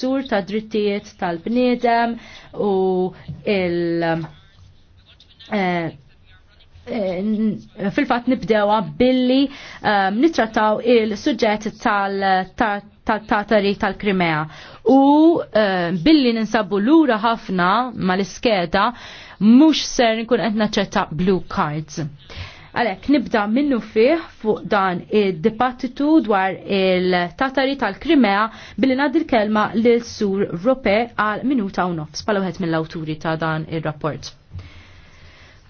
sur ta' drittijiet tal-bniedem u il- eh, eh, fil-fat nibdewa billi eh, nitrataw il-sujġet tal-tatari tal-Krimea. U billi ninsabu lura ħafna mal-iskeda mux ser nkun qed naċċetta blue cards. Għalek, nibda minnu fih fuq dan id-dibattitu dwar il-tatari tal-Krimea billi nad il-kelma l-sur Rope għal minuta u nofs, palawħet mill-awturi ta' dan il-rapport.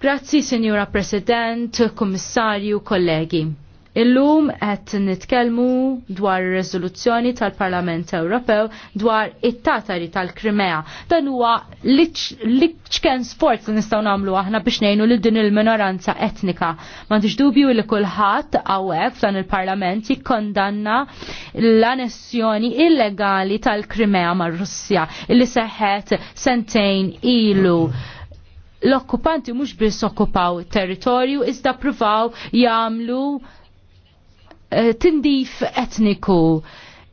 Grazzi, Signora President, Kommissarju, kollegi. Illum qed nitkellmu dwar ir-riżoluzzjoni tal-Parlament Ewropew dwar it-Tatari tal-Krimea. Dan huwa li ċken sport nistgħu nagħmlu aħna biex ngħinu lil din il-minoranza etnika. M'għandix dubju li kulħadd hawnhekk f'dan il-Parlament jikkondanna l-annessjoni illegali tal-Krimea mar-Russja illi seħħet sentejn ilu l-okkupanti mhux biss okkupaw territorju iżda pruvaw jagħmlu Eh, tindif etniku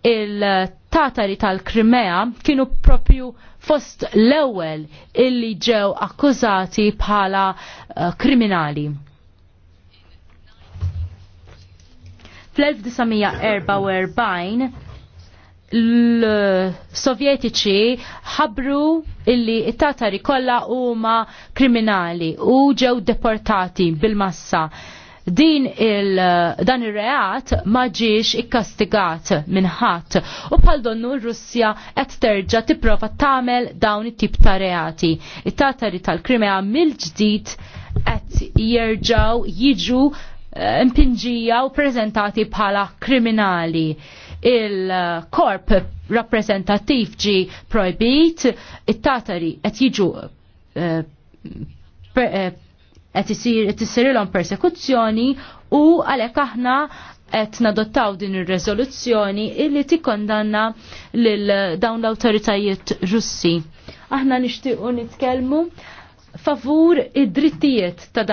il-Tatari tal-Krimea kienu propju fost l-ewel illi ġew akkużati bħala eh, kriminali. Fl-1944 l-Sovjetiċi ħabru illi it-Tatari kollha huma kriminali u ġew deportati bil-massa din il, eh, dan ir-reat ma ġiex ikkastigat minn ħadd u bħal donnu r-Russja qed terġa' tipprova tagħmel dawn it-tip ta' reati. It-Tatari tal-Krimea mill-ġdid qed jerġgħu jiġu eh, impinġija u prezentati bħala kriminali. Il-korp rappresentativ ġi projbit, it-Tatari qed jiġu eh, qed isir qed persekuzzjoni u għalhekk aħna qed nadottaw din ir-reżoluzzjoni illi tikkondanna lil dawn l-awtoritajiet Russi. Aħna nixtiequ nitkellmu favur id-drittijiet ta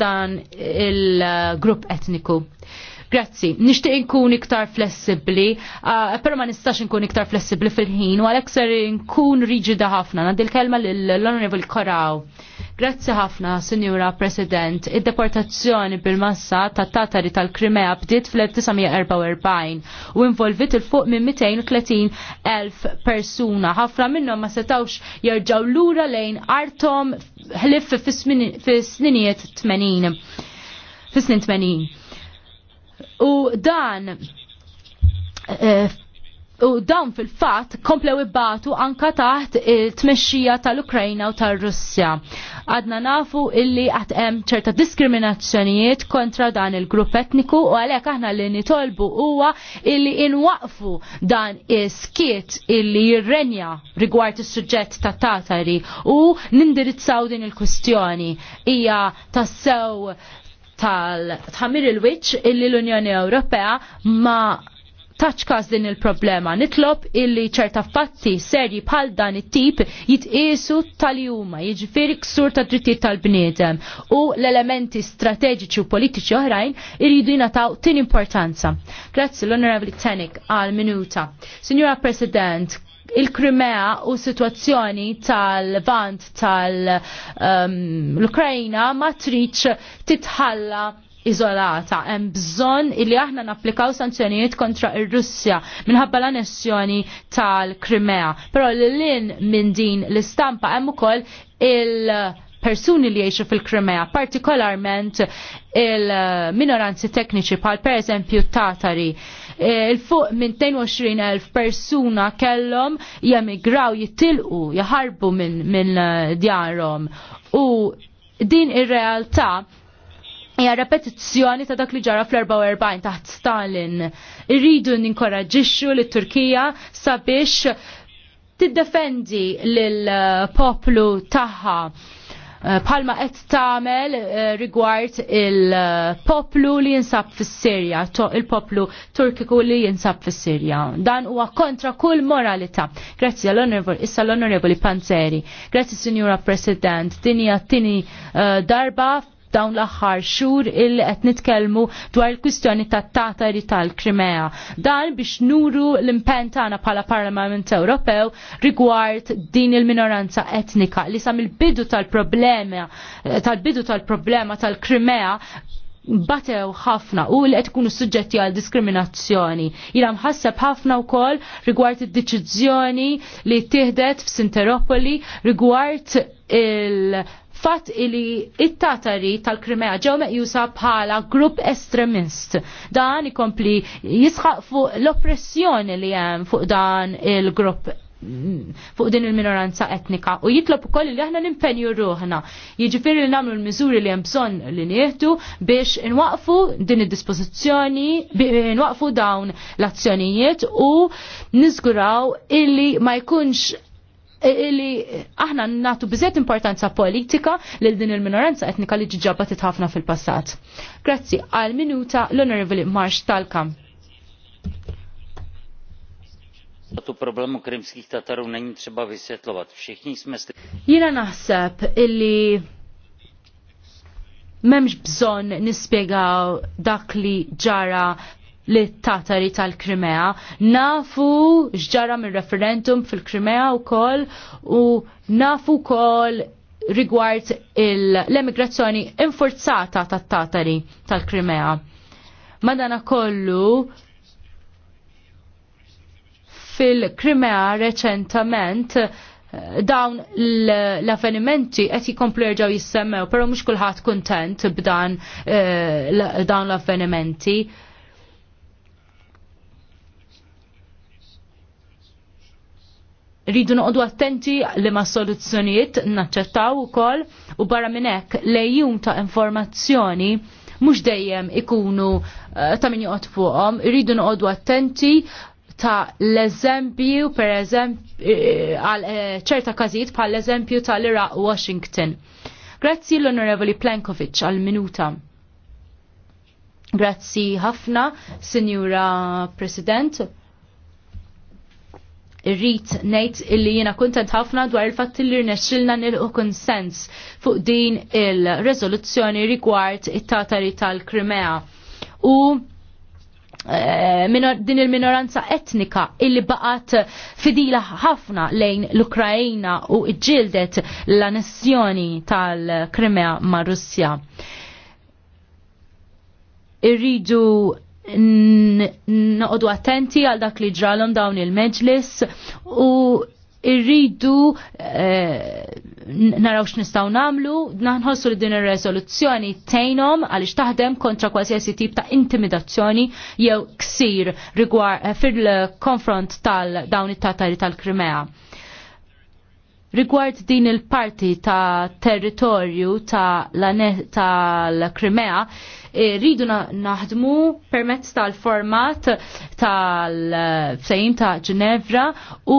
dan il-grupp etniku. Grazzi, nixtieq nkun iktar flessibbli, uh, pero ma nistax nkun iktar flessibbli fil-ħin u għalhekk ser nkun riġida ħafna. nadil kelma l-Honorable Koraw. Grazzi ħafna, Signora President. Id-deportazzjoni bil-massa ta' tatari tal-Krimea bdiet fl-1944 u involvit il-fuq minn 230,000 elf persuna. ħafna minnhom ma setawx jerġgħu lura lejn artom ħlif fi sninijiet 80. fis snin 80. U dan eh, u dawn fil-fat komplew ibbatu anka taħt il-tmexxija tal-Ukrajna u tal-Russja. Għadna nafu illi għatem hemm ċerta diskriminazzjonijiet kontra dan il-grupp etniku u għalhekk aħna li nitolbu huwa illi inwaqfu dan is-skiet illi jirrenja rigward is-suġġett ta' Tatari u nindirizzaw din il-kustjoni. Hija tassew tal-ħamir il witch illi l-Unjoni Ewropea ma taċ din il-problema. Nitlob illi ċerta fatti serji bħal dan it-tip jitqisu tal-juma, jiġifieri ksur ta' drittijiet tal-bniedem u l-elementi strateġiċi u politiċi oħrajn iridu jingħataw tin importanza. Grazzi l-Onorevoli Tenik għal minuta. Signora President, il-Krimea u situazzjoni tal-vant tal ukrajina um, ma triċ titħalla izolata. Hemm bżonn illi aħna napplikaw sanzjonijiet kontra ir-Russja minħabba l-annessjoni tal-Krimea. Però l-lin minn din l-istampa hemm ukoll il- persuni li jiexu fil-Krimea, partikolarment il-minoranzi tekniċi pal per eżempju Tatari. E, il-fuq minn 22.000 persuna kellhom jemigraw, jittilqu, jaħarbu minn min eh, djarhom. U din ir-realtà hija repetizzjoni ta' dak li ġara fl-44 taħt Stalin. Irridu ninkoraġixxu lit turkija sabiex tiddefendi lill eh, poplu tagħha Eh, palma qed tagħmel eh, rigward il-poplu li jinsab fis-Sirja, il-poplu Turkiku li jinsab fis-Sirja. Dan huwa kontra kull moralità. Grazzi għall-Onorevoli, issa l-Onorevoli Panzeri. Grazzi Sinjura President, din hija tini eh, darba dawn l-aħħar xhur illi qed nitkellmu dwar il-kwistjoni tat-tatari tal-Krimea. Dan biex nuru l-impenn tagħna bħala Parlament Ewropew rigward din il-minoranza etnika li sam il-bidu tal-problema eh, tal-bidu tal-problema tal-Krimea batew ħafna u li qed ikunu suġġetti għal diskriminazzjoni. Jina mħasseb ħafna wkoll rigward id-deċiżjoni li tieħdet f'Sinteropoli rigward il- fatt li it-Tatari tal-Krimea ġew meqjusa bħala grupp estremist. Dan ikompli jisħaq fuq l-oppressjoni li hemm fuq dan il-grupp fuq din il-minoranza etnika u jitlob ukoll li aħna nimpenju ruħna. Jiġifieri li nagħmlu l-miżuri li hemm bżonn li nieħdu biex inwaqfu din id-dispożizzjoni inwaqfu dawn l-azzjonijiet u niżguraw illi ma jkunx illi aħna natu bizet importanza politika lil din il-minoranza etnika li ġiġabat ħafna fil-passat. Grazzi, għal minuta l-Honorable Marsh Talkam. problemu krimskih Jina naħseb illi memx bżon nispiegaw dak li ġara li tatari tal-Krimea. Nafu xġara mir referendum fil-Krimea u kol u nafu kol rigward l-emigrazzjoni infurzata tat-tatari tal-Krimea. Madana kollu fil-Krimea reċentament eh, dawn l-avvenimenti qed jikomplu jerġgħu jissemmew, però mhux kulħadd kuntent b'dan eh, dawn l-avvenimenti. Ridu noqogħdu attenti li ma' soluzzjonijiet naċċettaw ukoll u barra minn hekk lejjum ta' informazzjoni mhux dejjem ikunu eh, ta' min joqgħod fuqhom, irridu noqogħdu attenti ta' l-eżempju, per eżempju, eh, għal eh, ċerta każijiet pa' l-eżempju ta' iraq Washington. Grazzi l-Onorevoli Plankovic għal minuta. Grazzi ħafna, Sinjura President. Irrit nejt illi jena kontent ħafna dwar il illi li rnexxilna nilqu konsens fuq din il-rezoluzzjoni rigward it-tatari tal-Krimea. U Eh, din il-minoranza etnika illi baqat fidila ħafna lejn l-Ukrajina u iġildet l-annessjoni tal-Krimea ma' Russja. Irridu noqdu attenti għal dak li ġralhom dawn il-Meġlis u irridu eh, naraw x'nistgħu nagħmlu, naħnħossu li din ir resoluzzjoni tgħinhom għaliex taħdem kontra kwalsiasi tip ta' intimidazzjoni jew ksir rigward eh, fil-konfront tal-dawn it-tatari tal-Krimea. Rigward din il-parti ta' territorju ta' l-Krimea, eh, rridu naħdmu permezz tal-format tal eh, fsejn ta' Ginevra u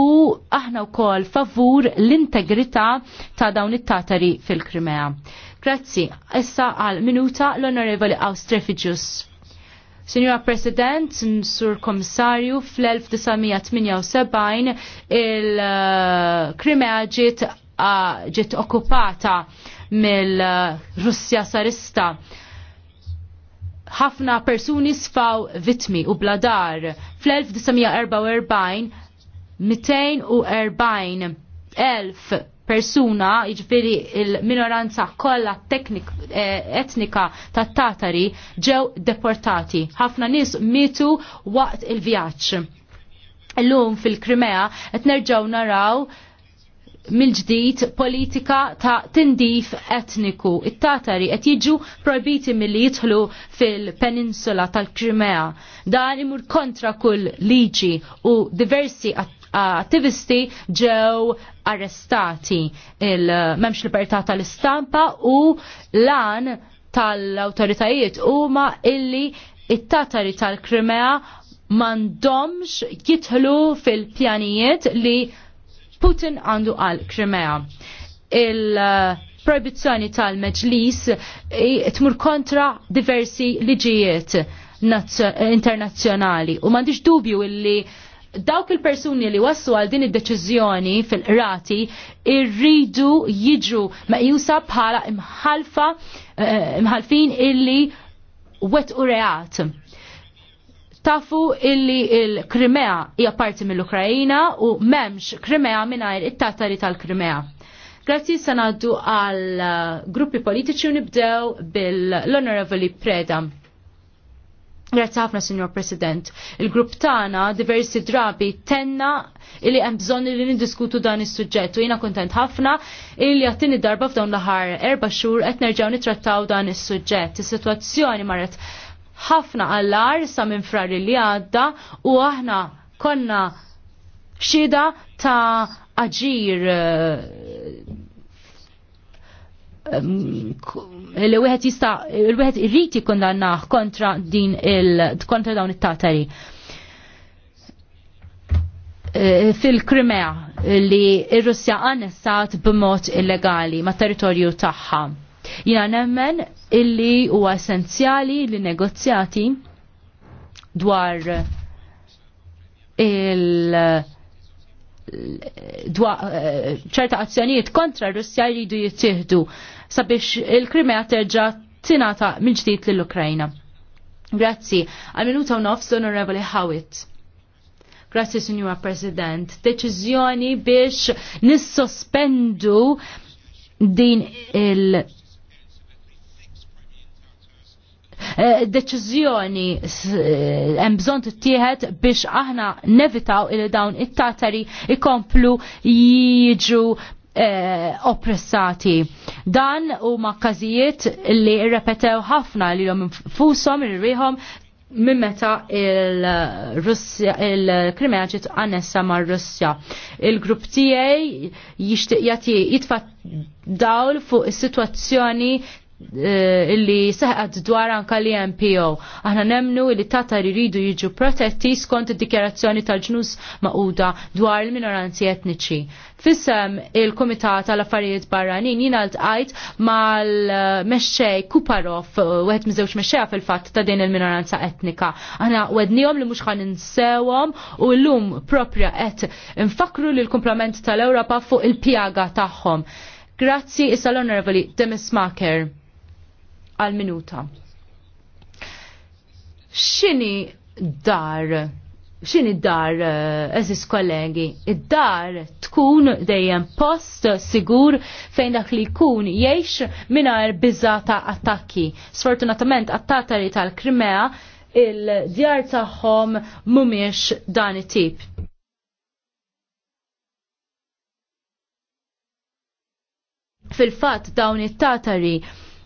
aħna wkoll favur l-integrità ta' dawn it-Tatari fil-Krimea. Grazzi, issa għal minuta l-Onorevoli Austrefigius. Signora President, Sur Komissarju, fl-1978 il-Krimea uh, ġiet uh, ġiet okkupata mill-Russja sarista. Ħafna persuni sfaw vitmi u bladar. Fl-1944 240 elf persuna, iġveri il-minoranza kolla e, etnika ta' Tatari ġew deportati. ħafna nis mitu waqt il-vjaċ. L-lum fil-Krimea qed nerġgħu naraw mill-ġdid politika ta' tindif etniku. It-Tatari qed jiġu probiti milli jidħlu fil-peninsula tal-Krimea. Dan imur kontra kull liġi u diversi att attivisti ġew arrestati il-memx libertà tal-istampa u lan tal-autoritajiet huma illi it-tatari tal-Krimea mandomx jitħlu fil-pjanijiet li Putin għandu għal Krimea. Il- proibizzjoni tal-Meġlis tmur kontra diversi liġijiet internazzjonali. U mandiġ dubju illi dawk il-persuni li wassu għal din id-deċiżjoni fil-qrati irridu jiġu meqjusa bħala imħalfa eh, imħalfin illi wet u reat. Tafu illi il-Krimea hija parti mill-Ukrajina u memx Krimea mingħajr it-Tatari tal-Krimea. Grazzi sanaddu għal eh, gruppi politiċi u nibdew bil-Honorable Preda. Grazie ħafna, Signor President. Il-grupp tagħna diversi drabi tenna illi hemm bżonn li niddiskutu dan is-suġġett u jiena kuntent ħafna illi għattini darba f'dawn l-aħħar erba' xhur qed nerġgħu nittrattaw dan is-suġġett. Is-sitwazzjoni marret ħafna għallar sa minn frar li għadda u aħna konna xhieda ta' aġir eh, li wieħed jista' il-wieħed irrid jikkondannaħ kontra din il kontra dawn it-Tatari. E, Fil-Krimea li r-Russja annessat b'mod illegali ma' territorju tagħha. Jina nemmen illi huwa essenzjali li negozjati dwar il- e, ċerta azzjonijiet kontra r-Russja jridu jittieħdu sabiex il-Krimea terġa' tingħata minn ġdid lill-Ukrajna. Grazzi, għal minuta u nofs Honorable Howitt. Grazzi, Signora President. Deċiżjoni biex nissospendu din il- eh, deċiżjoni eh, hemm bżonn tittieħed biex aħna nevitaw il dawn it-Tatari ikomplu jiġu eh, oppressati. Dan huma każijiet li rrepetew ħafna li l-om fusom irriħom minn meta il-Krimea ġiet annessa mar russja Il-grupp tiegħi jixtieq jagħti jitfa' dawl fuq is-sitwazzjoni Eh, illi seħqat dwar anka li MPO. Aħna nemnu illi tatar iridu jiġu protetti skont id-dikjarazzjoni tal-ġnus maquda dwar il-minoranzi etniċi. Fissem il-Komitat tal-Affarijiet Barranin jina l-tqajt mal-mexxej Kuparov, u wieħed miżewġ mexxejja fil-fatt ta' din il-minoranza etnika. Aħna wednihom li mhux ħan insewhom u llum propja qed infakru lil kumplament tal-Ewropa fuq il-pjaga tagħhom. Grazzi, issa l-Onorevoli Demis Maker għal-minuta. Xini dar xini dar eh, eżis kollegi, id-dar tkun dejjem post sigur fejn dak li jkun jiex minar bizzata attakki. Sfortunatament attatari tal-Krimea il-djar tagħhom mumiex dan it-tip. Fil-fat dawn it-tatari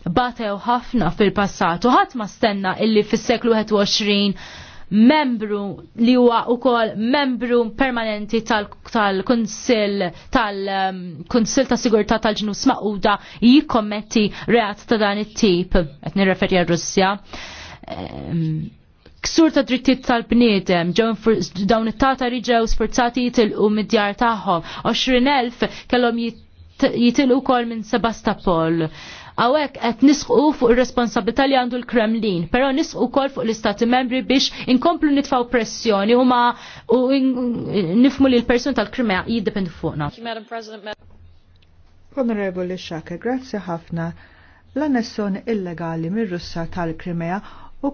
batew ħafna fil-passat u ħadd ma stenna illi fis-seklu 21 membru li huwa ukoll membru permanenti tal-Kunsill tal-Kunsill ta' Sigurtà tal-Ġnus Maquda jikkommetti reat ta' dan it-tip qed nirreferi għar-Russja. Ehm, ksur ta' drittijiet tal-bniedem, dawn it-tata riġew sforzati jitilqu mid-djar tagħhom, 20,000 kellhom jitilqu wkoll minn Sebastopol. Għawek qed nisqu fuq ir-responsabilità li għandu l-Kremlin, però nisqu wkoll fuq l-Istati membri biex inkomplu nitfgħu pressjoni huma u nifmu li l-persuni tal-Krimea jiddependu fuqna. Honorable Xhaka, grazzi ħafna. L-annessjoni illegali mir-Russa tal-Krimea u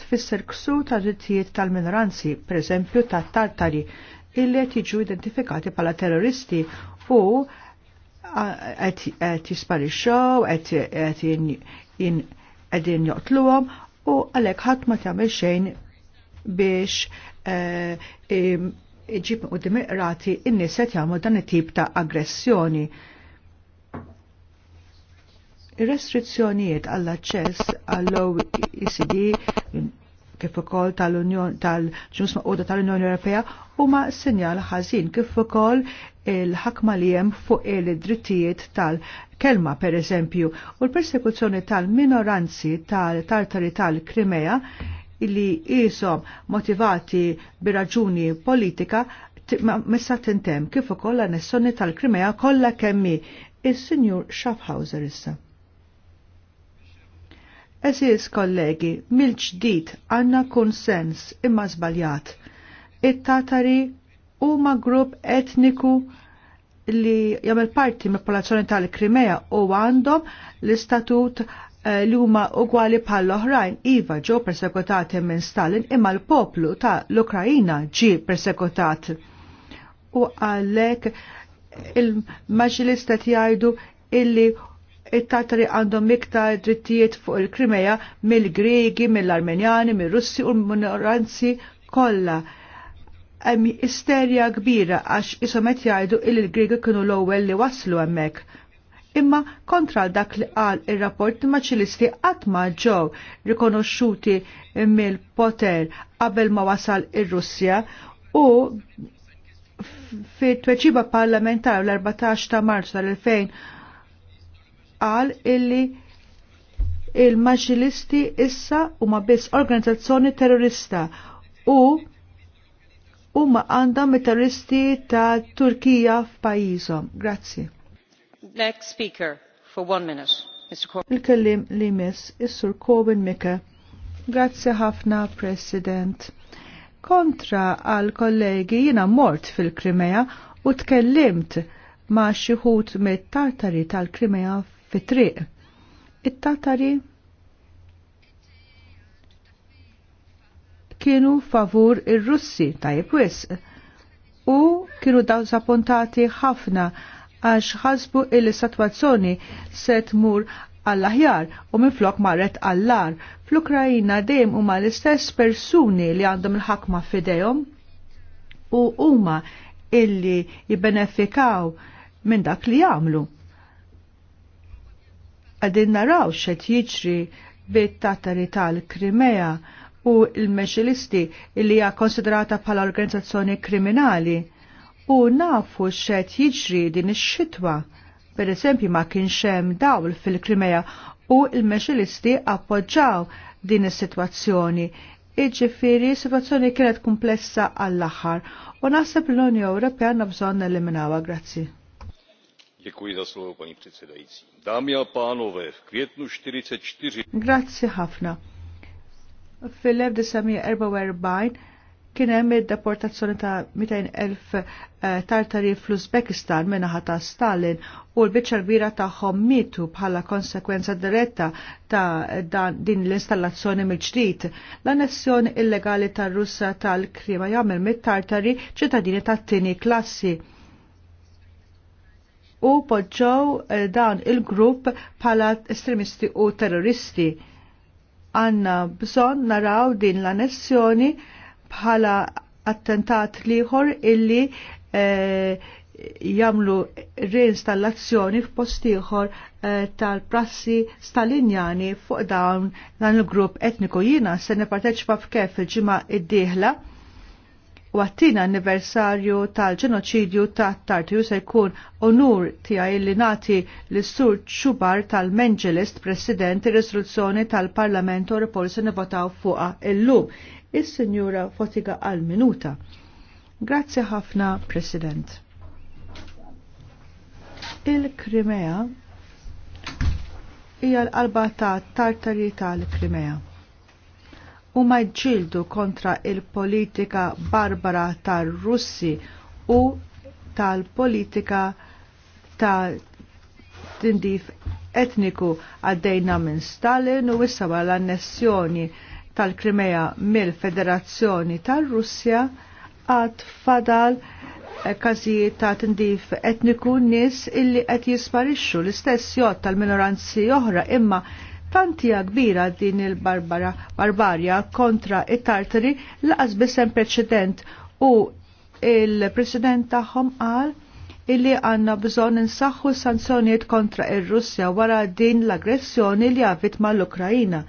tfisser ksu ta' drittijiet tal-minoranzi, per eżempju ta' tartari, illi qed jiġu identifikati pala terroristi u għet jisparixxew, għet joqtluhom u għalhekk ħadd ma tagħmel xejn biex eh, iġib u dimiqrati in-nies qed jagħmlu dan it-tip ta' aggressjoni. Ir-restrizzjonijiet għall-aċċess għall ECD kif ukoll tal unjoni tal ġusma tal-Unjoni Ewropea huma sinjal ħażin kif ukoll il-ħakma li jem fuq il-drittijiet tal-kelma per eżempju u l-persekuzzjoni tal-minoranzi tal-tartari tal-Krimea illi jisom motivati bir-raġuni politika messa tintem kif ukoll nessoni tal-Krimea kollha kemmi is-Sinjur Schaffhauser issa. Eżis kollegi, mill-ġdid għanna konsens imma żbaljat. It-Tatari huma grupp etniku li jagħmel parti mill-popolazzjoni tal-Krimea u għandhom l-istatut eh, li huma ugwali bħal oħrajn iva ġew persekutati minn Stalin imma l-poplu ta' l-Ukrajina ġi persekutat. U għalhekk il-maġlis qed jgħidu illi it-Tatari għandhom iktar drittijiet fuq il-Krimeja mill-Gregi, mill-Armenjani, mill-Russi u l-minoranzi kollha hemm isterja kbira għax isomet jgħidu il l griegi kienu l-ewwel li waslu hemmhekk. Imma kontra dak li qal ir-rapport maċilisti qatt ma ġew rikonoxxuti mill-poter qabel ma wasal ir-Russja u fi tweċiba parlamentari l-14 ta' Marzu tal-2000 qal illi il-maġilisti issa huma biss organizzazzjoni terrorista u u ma għanda metaristi ta' Turkija f'pajjiżhom. Grazzi. Next speaker for one minute. Il-kellim li mis is-Sur Corbin Mike. Grazzi ħafna, President. Kontra għal kollegi jina mort fil-Krimea u tkellimt ma' xi me mit-Tartari tal-Krimea fit-triq. It-Tartari kienu favur il russi tajib wis u kienu daw zapontati ħafna għax ħasbu il situazzjoni se tmur għall-aħjar u minflok marret għall-lar. Fl-Ukrajina dejjem huma l-istess persuni li għandhom il-ħakma fidejhom u huma illi jibbenefikaw minn dak li jagħmlu. Għadin naraw xed jiġri bit-tatari tal-Krimea u l-Meċilisti li hija konsiderata bħala organizzazzjoni kriminali u nafu xed jiġri din ix-xitwa. Per eżempju ma kienx hemm dawl fil-Krimea u l-Meċilisti appoġġaw din is-sitwazzjoni iġifiri situazzjoni kienet komplessa għall-axar u naħseb l-Unjoni Ewropea għandna bżonn eliminawa grazzi. Dziękuję za słowo pani przewodnicząca. Damia panowie, w kwietniu 44. Grazie ħafna fil-1944 kien hemm id-deportazzjoni ta' 200,000 eh, tartari fl-Uzbekistan minnaħa ta' Stalin u l-biċċa kbira tagħhom mitu bħala konsekwenza diretta ta' din l-installazzjoni mill-ġdid. L-annessjoni illegali tar russa tal-Krima jagħmel mit-Tartari ċittadini tat-tieni klassi u poġġow eh, dan il-grupp bħala estremisti u terroristi għanna bżon naraw din l-annessjoni bħala attentat liħor illi eh, jamlu reinstallazzjoni f'postiħor eh, tal-prassi stalinjani fuq dawn dan il-grupp etniku jina se ne parteċipa f'kef il-ġimgħa id-dieħla u għattina anniversarju tal-ġenoċidju ta' Tartu se jkun onur tiegħi li nati l-sur ċubar tal-Menġelist President ir resoluzzjoni tal-Parlament Europol se nivotaw fuqha illum. Is-Sinjura Fotiga għal minuta. Grazzi ħafna, President. Il-Krimea hija l-qalba ta' Tartari tal-Krimea u ma ġildu kontra il-politika barbara tar-Russi u tal-politika ta' tindif etniku għaddejna minn Stalin u wissawa l-annessjoni tal-Krimea mill-Federazzjoni tal-Russja għad fadal eh, kazi ta' tindif etniku nis illi qed jisparixxu l-istess jod tal-minoranzi oħra imma tantija kbira din il-barbara barbarja kontra it-Tartari laqas bisem preċedent u il-president tagħhom qal illi għanna bżon nsaħħu sanzjonijiet kontra ir-Russja wara din l-aggressjoni li għavit mal-Ukrajina.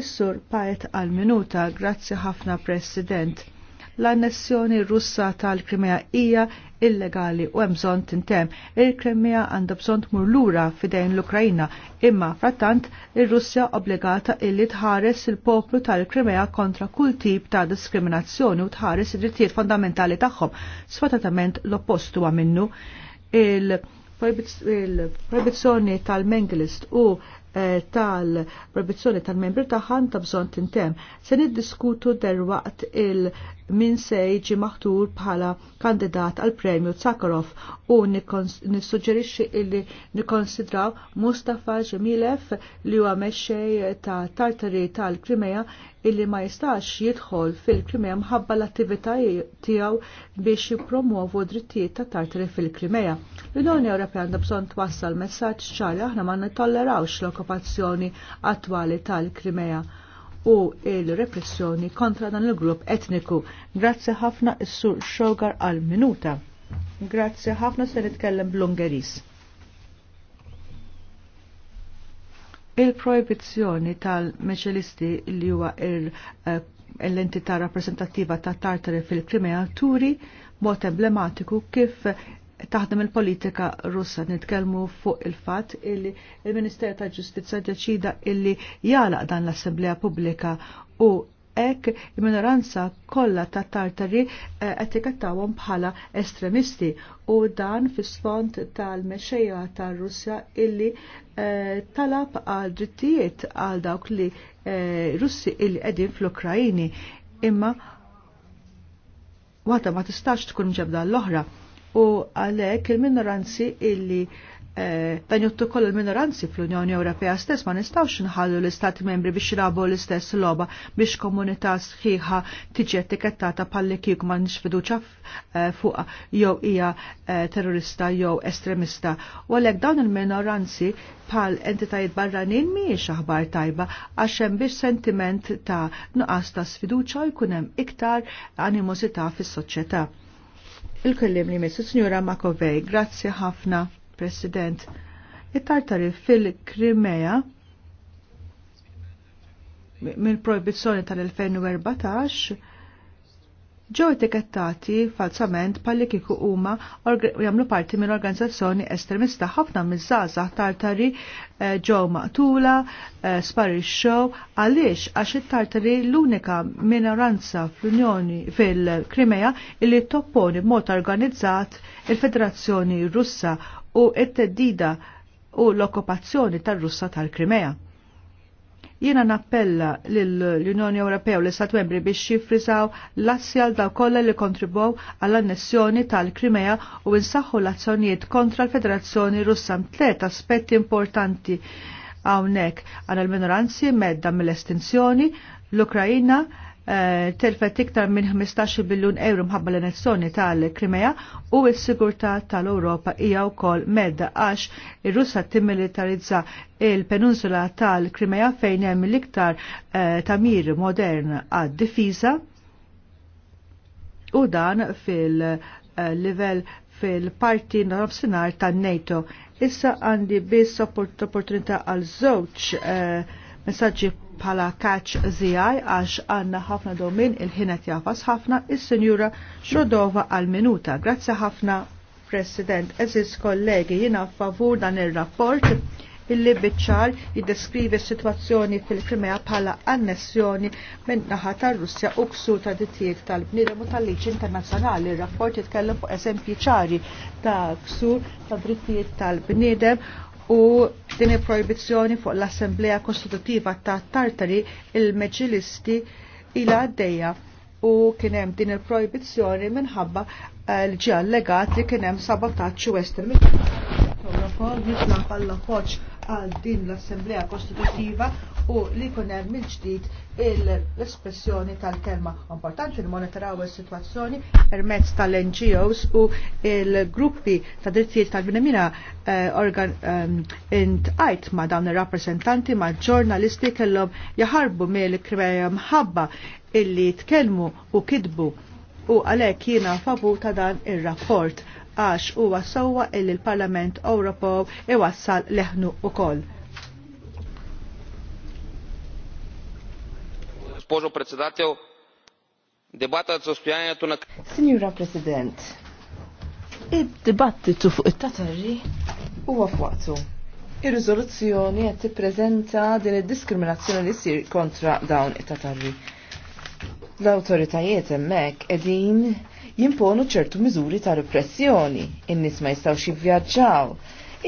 Is-sur paet għal-minuta, grazzi ħafna President l-annessjoni russa tal-Krimea hija illegali u hemm bżonn tintemm. Il-Krimea għandha bżonn tmur lura fidejn l-Ukrajna, imma frattant ir-Russja obbligata illi tħares il-poplu tal-Krimea kontra kull tip ta' diskriminazzjoni u tħares id-drittijiet fondamentali tagħhom. Sfatatament l-oppost huwa minnu il-proibizzjoni tal-Mengelist u Eh, tal-proibizzjoni tal-membri tagħha ta' bżonn tintemm. Se niddiskutu waqt il- min se jiġi maħtur bħala kandidat għal premju Tsakarov u nissuġġerixxi illi nikkonsidraw Mustafa Ġemilef li huwa mexxej ta' Tartari tal-Krimea illi ma jistax jidħol fil-Krimea mħabba l-attività tiegħu biex jippromuvu drittijiet ta' Tartari fil-Krimea. L-Unjoni Ewropea għandha bżonn twassal messaġġ ċari aħna ma nitollerawx l l-okkupazzjoni attwali tal-Krimea u il-repressjoni kontra dan il-grupp etniku. Grazzi ħafna is-sur Xogar għal-minuta. Grazzi ħafna se nitkellem bl-Ungeris. Il-proibizzjoni tal-meċelisti li huwa eh, l-entità rappresentativa ta' Tartari fil-Krimea turi mod emblematiku kif taħdem il-politika russa nitkellmu fuq il-fatt illi il-Ministeru ta' Ġustizza ġeċida illi jalaq dan l-Assemblea Pubblika u ek il-minoranza kollha ta' tartari eh, etikettawhom bħala estremisti u dan fis-sfond tal-mexxejja tar-Russja illi eh, talab għal drittijiet għal dawk li eh, Russi illi qegħdin fl-Ukrajini imma waħda ma tistax tkun ġebda l-oħra u għalhekk il-minoranzi illi ta' eh, dan juttu koll il-minoranzi fl-Unjoni Ewropea stess ma nistawx nħallu l-Istati membri biex jrabu l-istess loba biex komunità sħiħa tiġi etikettata palli kieku ma nix fiduċa eh, fuqa jew hija eh, terrorista jew estremista. U għalhekk dawn il-minoranzi pal entitajiet barranin miex aħbar tajba għax hemm biex sentiment ta' nuqqas ta' sfiduċa jkun hemm iktar animosita fis-soċjetà. Il-kellim li missu Signora Makovej, grazzi ħafna, President. It-tartari fil-Krimea mill proibizzjoni tal-2014 ġew etikettati falsament palli kieku huma jagħmlu parti minn organizzazzjoni estremista ħafna miż-żgħażagħ tartari eh, ġew maqtula, eh, sparixxew għaliex għax it-tartari l-unika minoranza fl-Unjoni fil-Krimea illi topponi b'mod organizzat il-Federazzjoni Russa u t-teddida u l-okkupazzjoni tar-Russa tal-Krimea. Jiena nappella lill-Unjoni Ewropea u l-Istat Membri biex jifrisaw l-assjal daw kollha li kontribuw għall-annessjoni tal-Krimea u nsaħħu l-azzjonijiet kontra l-Federazzjoni Russa tliet aspetti importanti hawnhekk għal minoranzi medda mill-estinzjoni l-Ukrajina Eh, telfet iktar minn 15 biljun euro mħabba l-annezzjoni tal-Krimea u s-sigurtà tal-Ewropa hija wkoll medda għax ir-Russa timmilitarizza il-peninsula tal-Krimea fejn hemm l-iktar eh, tamir modern għad-difiża u dan fil-livell eh, fil-parti nofsinhar tan-NATO. Issa għandi biss opportunità għal żewġ messaġġi pala kaċ zijaj għax għanna ħafna domin il-ħinet jafas ħafna il-senjura Xrodova għal-minuta. Grazzi ħafna, President, eżis kollegi, jina favur dan il-rapport illi bitċar jiddeskrivi situazzjoni fil-Krimea pala annessjoni minn naħa tar-Russja u ksur ta' dittijiet tal-bniedem u tal-liċi internazzjonali. Il-rapport jitkellem fuq eżempji ċari ta' ksur ta' drittijiet tal-bniedem u din il-proibizjoni fuq l-Assemblea Kostitutiva ta' Tartari il-Meġilisti ila għaddejja u kienem din il-proibizjoni minħabba l-ġi eh, allegat li kienem sabotaċċu Western Europol jitlaqa l-appoċ għal din l-Assemblea Kostitutiva u li jkun hemm mill-ġdid l-espressjoni tal-kelma. Importanti li monitoraw is-sitwazzjoni permezz tal-NGOs u il-gruppi ta' drittijiet tal-bnemina eh, organ eh, intqajt ma' dawn ir-rappresentanti ma' ġurnalisti kellhom jaħarbu mill-krimeja mħabba illi tkellmu u kidbu u għalhekk jiena favu ta' dan ir-rapport għax huwa sewwa illi l-Parlament Ewropew iwassal leħnu ukoll госпожо President, id-dibattitu fuq it-tatarri huwa f'waqtu. Ir-riżoluzzjoni qed tippreżenta din id-diskriminazzjoni li sir kontra dawn it-tatarri. L-awtoritajiet hemmhekk qegħdin jimponu ċertu miżuri ta' repressjoni, in-nies ma jistgħux jivvjaġġaw.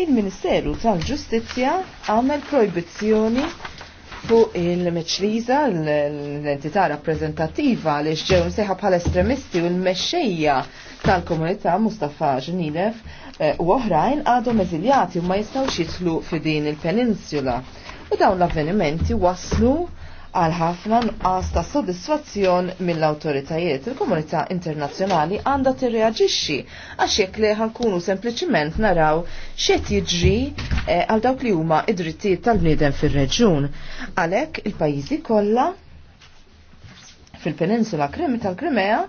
Il-Ministeru tal-Ġustizzja għamel projbizzjoni fuq il meċliza l-entità rappresentativa li xġew seħa bħala estremisti u l-mexxejja tal-komunità Mustafa Ġnilev eh, u oħrajn għadhom eżiljati u ma jistgħux jitlu fi din il-peninsula. U dawn l-avvenimenti waslu għal ħafna nqas ta' sodisfazzjon mill-awtoritajiet. Il-komunità internazzjonali għandha tirreaġixxi għax jekk li ħankunu sempliċiment naraw xiet jiġri eh, għal dawk li huma id-drittijiet tal-bniedem fir-reġjun. Għalhekk il-pajjiżi kollha fil-peninsula Krimi tal-Krimea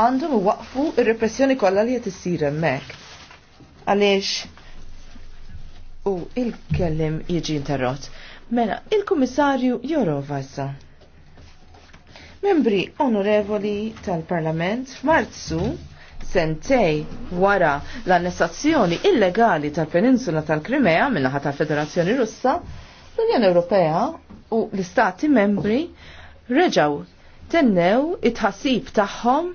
għandhom waqfu ir-repressjoni kollha li qed issir hemmhekk. Għaliex u il-kellim jiġi interrott. Mela, il-Kummissarju Jorova Membri onorevoli tal-Parlament f'Marzu sentej wara l-annessazzjoni illegali tal-Peninsula tal-Krimea minnaħa tal-Federazzjoni Russa, l-Unjoni Ewropea u l-Istati membri reġaw tennew it-ħasib tagħhom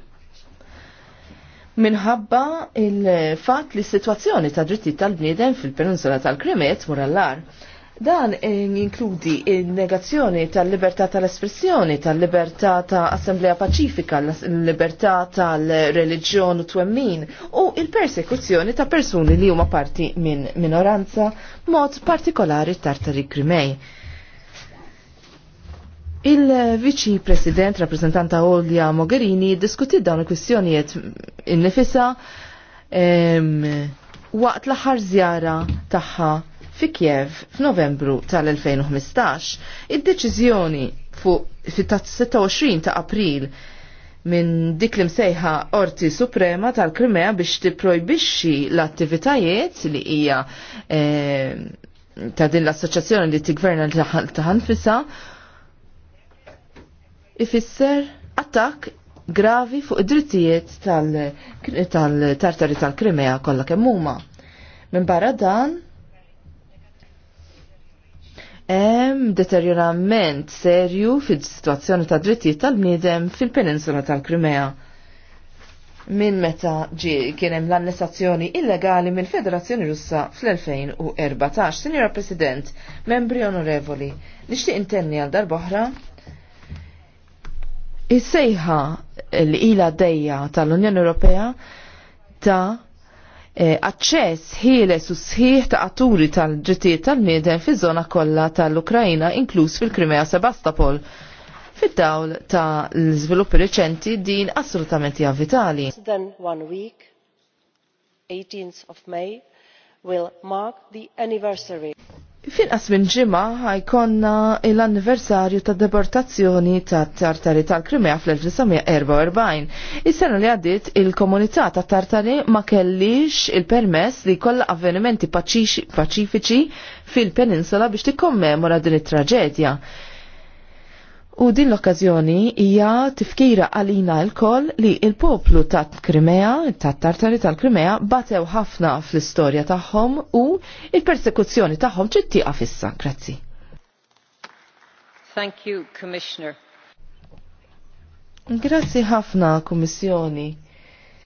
minħabba il-fat li s-situazzjoni ta' dritti tal-bniedem fil-Peninsula tal-Krimet murallar. allar Dan jinkludi il-negazzjoni tal-libertà tal-espressjoni, tal-libertà ta' assemblea paċifika, l-libertà tal-reliġjon u twemmin u il-persekuzzjoni ta' persuni li huma parti minn minoranza, mod partikolari tartari krimej. Il-Viċi President rappresentanta Olja Mogherini diskutit dawn il-kwistjonijiet in-nifisa waqt l-aħħar żjara tagħha fi Kiev f'Novembru tal-2015. Id-deċiżjoni fuq fit-26 ta' April minn dik li msejħa Orti Suprema tal-Krimea biex tipprojbixxi l-attivitajiet li hija e, ta' din l-assoċjazzjoni li tigverna ħanfisa ifisser attakk gravi fuq id-drittijiet tal-tartari tal-Krimea kollha kemm huma. Minn barra dan, hemm deterjorament serju fil-situazzjoni ta' drittijiet tal-bniedem fil-peninsula tal-Krimea. Min meta ġi kien hemm l-annessazzjoni illegali mill-Federazzjoni Russa fl-2014. Sinjora President, membri onorevoli, nixtieq intenni għal darboħra is-sejħa l-ila dejja tal-Unjoni Ewropea ta' Eh, aċċess ħieles u sħiħ ta' atturi tal-ġittijiet tal-mieden fi zona kollha tal ukrajina inkluż fil-Krimea Sebastopol. Fid-dawl ta' l-żviluppi reċenti din assolutament hija vitali. Then one week, 18th of May, will mark the anniversary. Finqas minn ġimgħa ħajkonna l-anniversarju ta' deportazzjoni ta' tartari tal-Krimea fl-1944. Is-sena li għaddiet il-komunità ta' tartari ma kellix il-permess li kollha avvenimenti paċifiċi fil-peninsula biex tikkommemora din it-traġedja. U din l-okkazjoni hija tifkira għalina l-koll li il-poplu ta' Krimea, ta' Tartari tal-Krimea, batew ħafna fl-istorja tagħhom u il-persekuzzjoni tagħhom ċittieqa fissa. Grazzi. Thank you, Commissioner. Grazzi ħafna, Kummissjoni.